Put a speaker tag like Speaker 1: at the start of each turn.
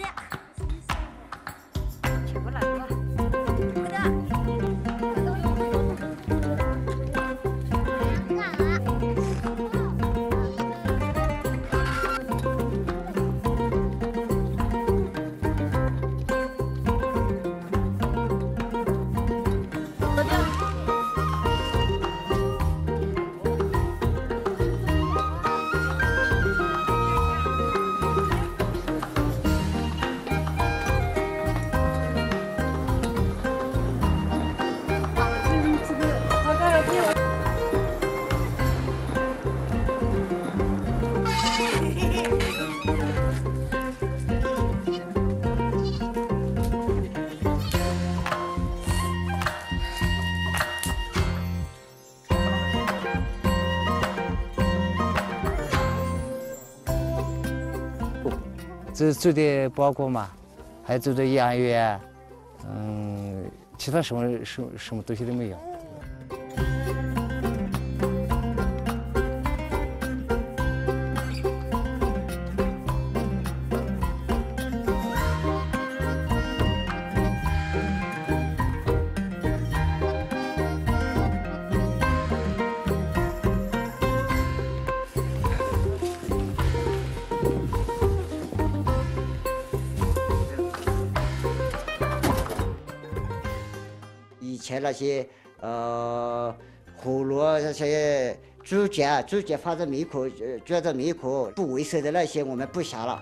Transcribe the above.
Speaker 1: i y
Speaker 2: 就做
Speaker 3: 的包谷嘛，还做的洋芋，嗯，其他什么什什么东西都没有。
Speaker 4: 前那些呃火炉那些猪脚，猪脚放在门口，装在门口不卫生的那些，我们不下了。